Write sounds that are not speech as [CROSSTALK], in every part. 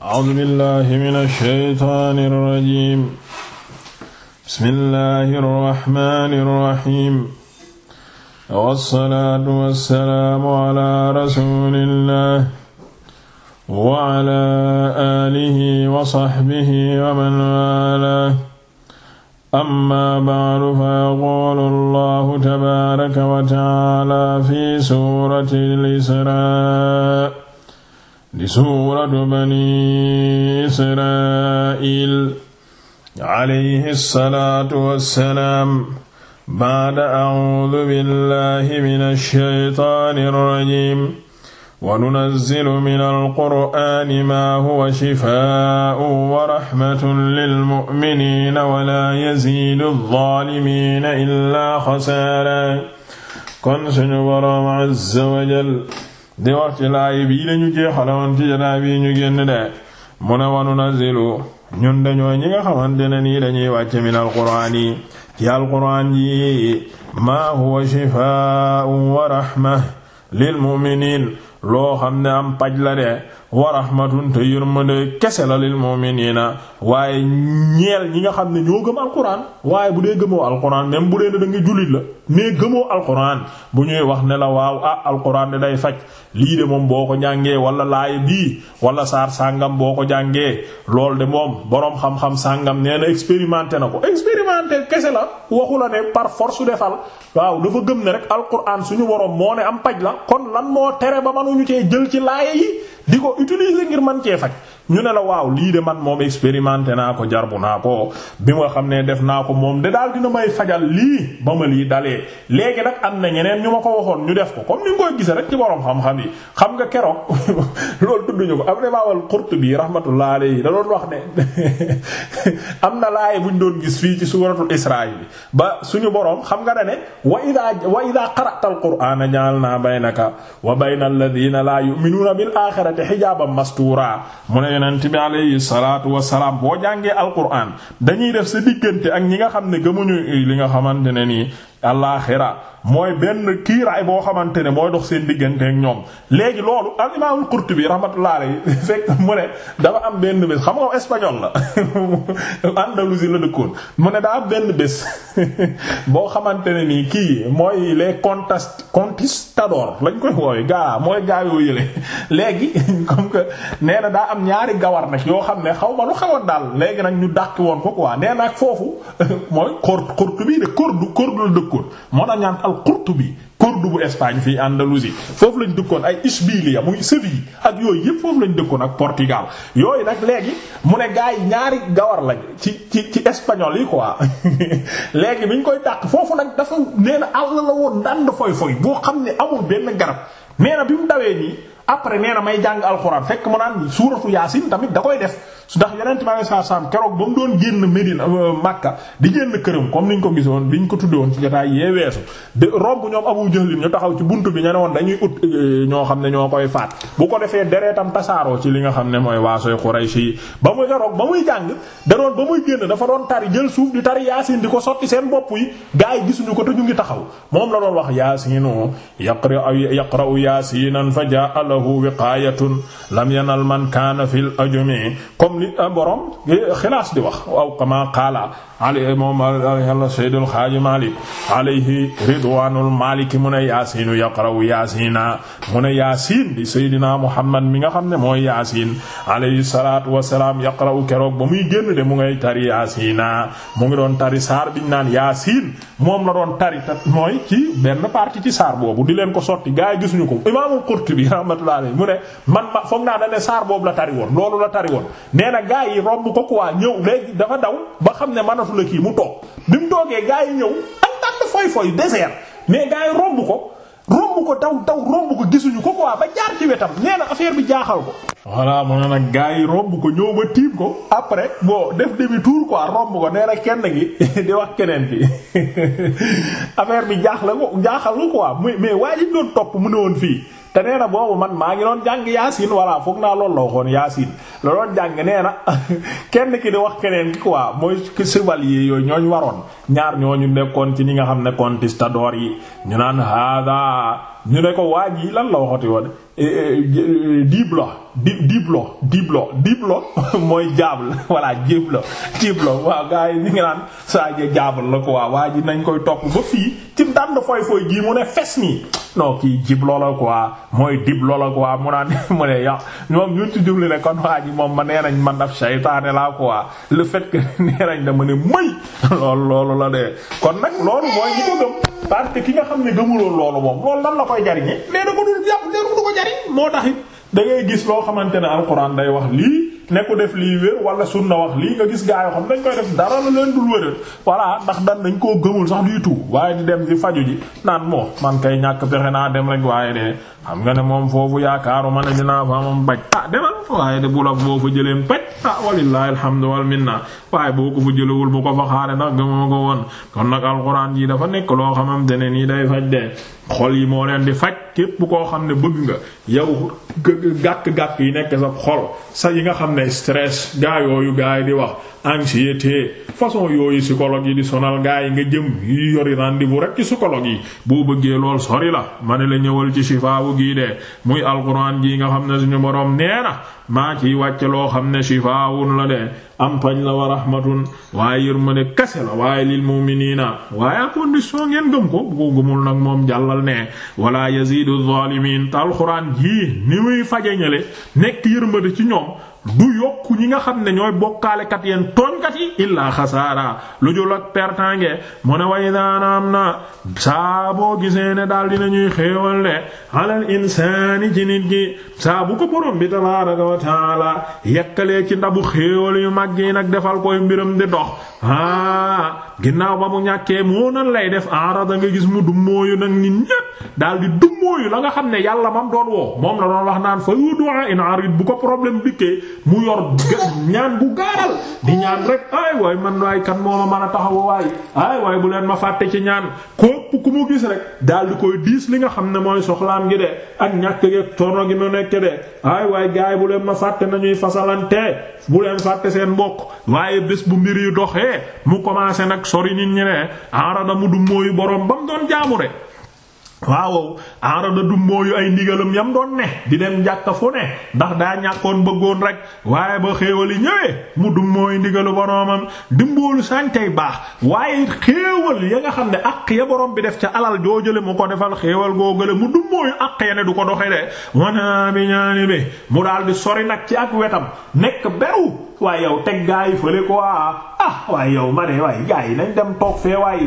A'uuzu billaahi mina shaytaani rajiim. Bismillaahi rahmaani rahiim. Wassalaatu wassalaamu alaa rasuulillaahi wa alaa aalihi wa sahbihi wa man waalaahu. Ammaa ba'du fayaquulu Allaahu tabaaraka wa ta'aalaa fi suuratil Israa. di suuratu bani israil alayhi salaatu wassalaam baada audu billahi min alshaytaani alrajim wa nunazzilu min alqur'aani maa huwa shifaa'un wa raxmatun lilmu'miniina wa laa yaziidu alzaalimiina illaa xasaara kon suñu boroom azza wa jal di wax ci laay bii lañu jeexale woon ci jataay bii ñu génn de mu ne wanu nazilu ñun dañoo ñi nga xamante ne nii dañuy wàcce min alquraan yi ci alquraan yi maa huwa shifaa'un wa rahma lil mu'miniin loo xam ne am paj la de wa rahmatun te yërmande kese la lil mu'minina waaye ñeel ñi nga xam ne ñoo gëm alquran waaye bu dee gëmoo alquran même bu dee da nga jullit la mais gëmoo alquran bu ñuy wax ne la waaw ah alquran de day faj lii de moom boo ko jàngee wala laay bii wala saar sàngam boo ko jàngee loolu de moom boroom xam-xam sàngam nee na expérimenté na ko expérimenté kese la waxu la ne par force defal waaw dafa gëm ne rek alquran suñu woroom moo ne am paj la kon lan moo tere utiliser ngir man cee faj ñu ne la waaw lii de man moom expérimenté naa ko jarbu naa ko bi nga xam ne def naa ko moom de daal dina may fajal lii ba ma lii dalee léegi rek am na ñeneen ñu ma ko waxoon ñu def ko comme ni nga koy gisee rek ci borom xam-xam yi xam nga keroog [LAUGHS] loolu tudduñu ko am imaam al-Qurtubi rahmatullah alayhi da doon wax [LAUGHS] na laay buñ doon gis fii ci suuratul Israa ba suñu boroom xam nga da ne wa idhaa wa idhaa qara'ta al-qur'aana ja'alnaa baynaka wa bayna alladhiina laa yu'minuuna bil aaxirati hijaaban mastuuraa mu ne yonent bi alayhi salaatu wa salaam boo jàngee al-qur'aan dañuy def sa diggante ak ñi nga xam ne gëmuñu li nga xamante ne nii alaaxira mooy benn kiiraay boo xamante ne mooy dox seen diggante ñoom léegi loolu al imaamul Qurtubi rahmatullah alayhi fekk mu am benn bés xam nga espagnol la [LAUGHS] Andalousie la dëkkoon mu ne daa am benn bés [LAUGHS] boo xamante ne nii kii mooy les contas conquistador lañ koy woowe gaa mooy gaa yoo yële [LAUGHS] léegi comme que nee na daa am ñaari gawar nag yoo xam ne xaw ma lu xewoon daal léegi nag ñu dàq woon ko quoi nee na ak foofu mooy Qurtubi de Cordoue Cordoue dëkkoon moo na ñaan bi qurtubi Cordoue Espagne fii Andalousie foofu lañ dëkkoon ay Isbiliya muy Séville ak yooyu yëpp foofu lañ dëkkoon ak Portugal yooyu nag léegi mu ne gars yi ñaari gawar lañ ci ci ci espagnol yi quoi [LAUGHS] léegi biñ koy tàq foofu nag dafa nee na la woon ndànd foy foy boo xam ne amul benn garab nee bi mu dawee nii après nee na may jàng alxuraan fekk mu naan suuratu yaasin tamit da koy def. ndax yonent bi alayhi salaam keroog ba mu doon génn Medina euh, Makka di génn këram comme ni ñu ko woon bi ñu ko tuddee woon ci jotaay yee weesu de romb ñoom Abu Jahl ñu taxaw ci bunt bi ñu woon dañuy ut euh, ñoo xam ne ñoo koy faat bu ko defee dereetam tasaaroo ci li nga xam ne mooy waasoy Quraysh yi ba muy keroog ba muy jàng da doon ba muy génn dafa doon tari jël suuf di tari yaasin di ko sotti seen bopp yi gaa yi gisuñu ko te ñu ngi taxaw moom la doon wax yaasinu yaqra yaqra'u yaasinan fa jaa'a lahu wiqaayatun lam yanal man kaana fil ajmi nit borom xilaas di wax waaw kama qaala ali moom yàlla saydul xaaji malik alayhi ridwanul maliki mu ne yaasiinu yaqrawu yaasiina mu ne yaasiin muhammad mi nga xam ne mooy yaasiin alayhi salatu wasalaam yaqrawu keroog ba muy génn de mu ngay tari ngi doon tari saar biñ naan yaasiin moom la doon tari ta mooy ci benn partie ci saar boobu di leen ko sotti gaa yi gisuñu ko imaamul Qurtubi rahmatullahi alayhi mu ne man ma foog naa dane saar boobu la tari woon loolu la tari woon nee na gaa ko quoi ñëw léegi dafa daw ba xam ne man mënatu la kii mu toog bi mu toogee gaa yi ñëw am tànn foy foy désert mais gaa yi romb ko romb ko daw daw romb ko gisuñu ko quoi ba jaar ci wetam nee na affaire bi jaaxal ko. voilà mu ne nag gaa yi romb ko ñëw ba tiim ko après bon def demi ko quoi romb ko nee na kenn gi [LAUGHS] di wax keneen ki [LAUGHS] affaire bi jaaxle ko jaaxal ko quoi mais mais waa ji doon topp mu ne woon fii. te nee boobu man maa ngi doon jàng yaasin walla foog naa loolu la waxoon yaasin la doon jàng nee na [LAUGHS] kenn ki di wax keneen ki quoi mooy chevalier yooyu ñooñ waroon ñaar ñooñu nekkoon ci ñi nga xam ne conquistador yi ñu naan hada ñu ne ko waaj yi lan la waxati woon eh, eh, eh, diblo di diblo diblo diblo [LAUGHS] mooy jaabl [LAUGHS] voilà jiblo jiblo waaw gars yi ñu ngi naan saa je jaabl la ko waaw waa ji nañ koy topp ba fii ci dand fooy fooy gii mu ne fes nii non kii jiblo la quoi mooy diblo la quoi mu naan [LAUGHS] mu ne yow moom ñun ci jubli ne kon waa ji moom ma nee man daf seytaane la ko le fait que nee nañ dama ne mëy loolu loolu la dee kon nag loolu mooy ñi ko gëm parce que ki nga xam ne gëmuloon loolu moom koy jariñe mais ko dul jàpp leeru du ko jariñ moo tax it da ngay gis loo xamante ne alxuraan day wax lii ne def lii wér wala sunna wax lii nga gis gaa yoo xam dañ koy dul wéral voilà ndax dan dañ koo gëmul sax du tout waaye di dem di faju ji naan moo man kay ñàkk pexe naa dem rek waaye de xam nga ne moom foofu yaakaaru ma ne dinaa fa moom baj ah demal waaye de bu la foofu jëleen baj ah walillahi alhamdu wal minna waaye boo ko fa jëlawul bu ko fa xaare ndax gëmoo ko woon kon nag alxuraan ji dafa nekk loo xamante ne nii day faj de xol yi moo leen di faj képp koo xam ne bëgg nga yow gàkk-gàkk yi nekk sa xol sax yi nga xam ne stress gaa yooyu gaa yi di wax anxiété façon yooyu psychologue yi di sonal gaa yi nga jëm yi yori rendez-vous rek ci psychologue yi boo bëggee lool sori la ma ne la ñëwal ci shifaawu gii de muy alxuraan ji nga xam ne suñu borom nee na maa ciy wàcce loo xam ne shifaawun la de am pañ la wa rahmatun waaye yërmande kese la waaye lil mu'miniina waaye à condition ngeen gëm ko bu gëmul nag moom jàllal ne wala yazidu zalimin te alxuraan jii ni muy faje ñale nekk yërmande ci ñoom du yokku ñi nga xam ne ñooy bokkaalekat yeen tooñkat yi illaa xasaara lu jul ak pertange mu ne way daanaam na saa boo gisee ne daal dina ñuy xéewal de alal insaani ci nit gi saa bu ko borom bi tabaaraka wa taala yekkalee ci ndabu xéewal yu mag yi nag defal koy mbiram di dox ah ginnaaw ba mu ñàkkee moo lay def arada nga gis mu dummóoyu nag nit daal di dummóoyu la nga xam ne yàlla mam doon woo moom la doon wax naan fa yudu'a in bu ko problème dikkee mu yor ñaan bu ñaan rek ay waay man waay kan moo ma mën a taxaw waay ay waay bu leen ma fàtte ci ñaan képp ku mu gis rek daal di koy diis li nga xam ne mooy soxlaam gi ak ñàkk geeg tono gi mu nekk de ay waay bu leen ma fàtte nañuy fasalante bu leen fàtte seen mbokk waaye bés bu mbir yi doxee boobee mu commencé nag sori nit ñi ne arada mu du mooyu boroom ba mu doon jaamu de waaw arada du mooyu ay ndigalam yam doon ne di dem jàkka fu ne ndax daa ñàkkoon bëggoon rek waaye ba xéewali ñëwee mu du mooy ndigalu boroomam dimboolu sàntey baax waaye xéewal ya nga xam ne àq ya borom bi def ca alal joojale mu ko defal xéewal googale mu du mooyu àq ya ne du ko doxe de wanaa bi ñaani bi mu daal di sori nag ci ak wetam nekk beru waaye yow teg gaa yi fële ko ah waaye yow ma waaye gaa yi nañ dem toog fee waaye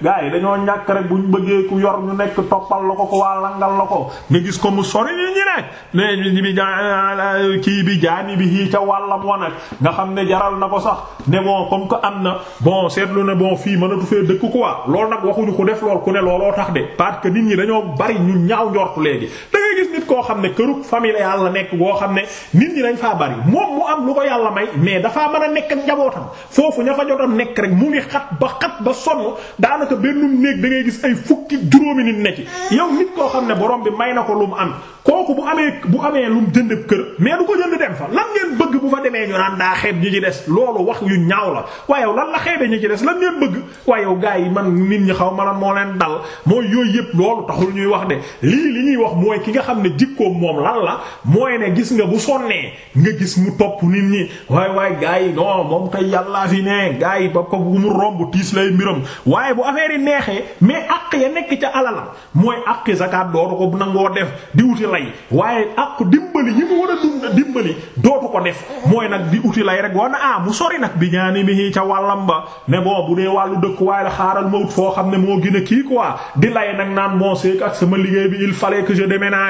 gaa yi dañoo ñàkk rek bu ñu bëggee ku yor ñu nekk toppal la ko ko waa langal la ko nga gis ko mu sori ñu ñi nag ne bi kii bi jaani bi hii ca wàllam wa nag nga xam ne jaral na ko sax ne bon comme que am na bon seetlu ne bon fii mënatu fee dëkk quoi loolu nag waxuñu ko def lool ku ne looloo tax de parce que nit ñi dañoo bari ñu ñaaw njortu léegi ngay gis xam ne kërug famille yàlla nekk boo xam ne nit ñi dañ faa bari moom mu am lu may mais dafaa mën a nekk ak njabootam foofu ña fa jotam nekk rek mu ngi xat ba ba sonn daanaka bennum néeg da ngay gis ay fukki juróomi nit ne ci yow nit koo xam ne borom bi may na ko lu mu am kooku bu amee bu amee lu jënd kër mais ko jënd dem fa lan ngeen bëgg bu fa demee ñu naan daa xeeb ñi ci des loolu wax yu ñaaw la waaye lan la xeebe ñi ci des lan ngeen bëgg waaye yow gars yi man nit ñi xaw ma a moo leen dal mooy yooyu yëpp loolu taxul ñuy wax de lii li ñuy wax mooy ki nga nga xam ne jikkoom moom lan la mooy ne gis nga bu sonnee nga gis mu topp nit ñi waay waay gars yi non moom kay yàllaa fi ne gars yi ba ko bu mu romb tiis lay mbiram waaye bu affaire yi neexee mais àq ya nekk ca alalam mooy àqi zakat dootu ko nangoo def di wuti lay waaye àq dimbali yi mu war dimbali dootu ko def mooy nag di uti lay rek wana ah mu sori nag bi ñaani bi ca wàllam ba mais bon dee wàllu dëkk waaye la xaaral ma wut foo xam ne moo gën a kii quoi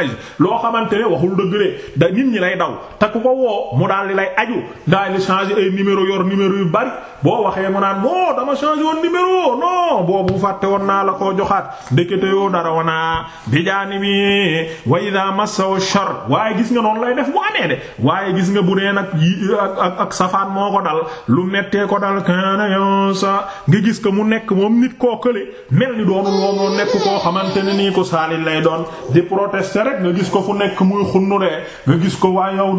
mensonge loo xamante ne waxul dëgg de da nit ñi lay daw te ku ko woo mu daal di lay aju daal di changer ay numéro yor numéro yu bari boo waxee mu naan non dama changer woon numéro non boobu fàtte woon naa la koo joxaat ndekete yoo dara wana bi jaani bi wa idha massahu shar waaye gis nga noonu lay def bu amee de waaye gis nga bu dee nag ak ak safaan moo ko dal lu mettee ko dal kaana yoon sa nga gis ko mu nekk moom nit koo kële mel ni doonu loolu nekk koo rek nga gis ko fu nekk muy xunnu de nga gis ko waa yow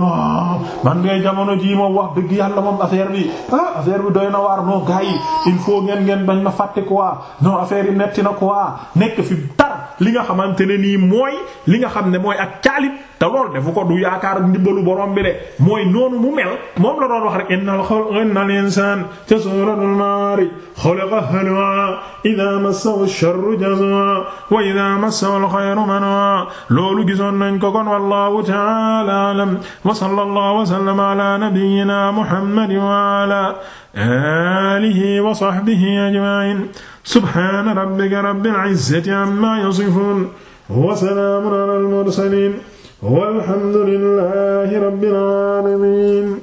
man ngay jamono jii moom wax dëgg yàlla moom affaire bi ah affaire bi doy na waar non gars yi il faut ngeen ngeen bañ ma fàtte quoi non affaire yi metti na quoi nekk fi tar li nga xamante ne nii mooy li nga xam ne mooy ak caalit te loolu defu ko du yaakaar ndimbalu borom bi de mooy noonu mu mel moom la doon wax rek innal xol innal insaan ca suuratul maari xuliqa halwa idaa massahu sharru jazua wa idaa massahu alxayru manua loolu gisoon nañ ko kon wallahu ta'ala a'lam wa sallallahu wa sallama ala nabiyyina muhammad wa ala alihi wa sahbihi ajma'in subhana rabbika rabbil izzati amma yasifun wa salamun ala al mursalin walhamdulillahi rabbil alamin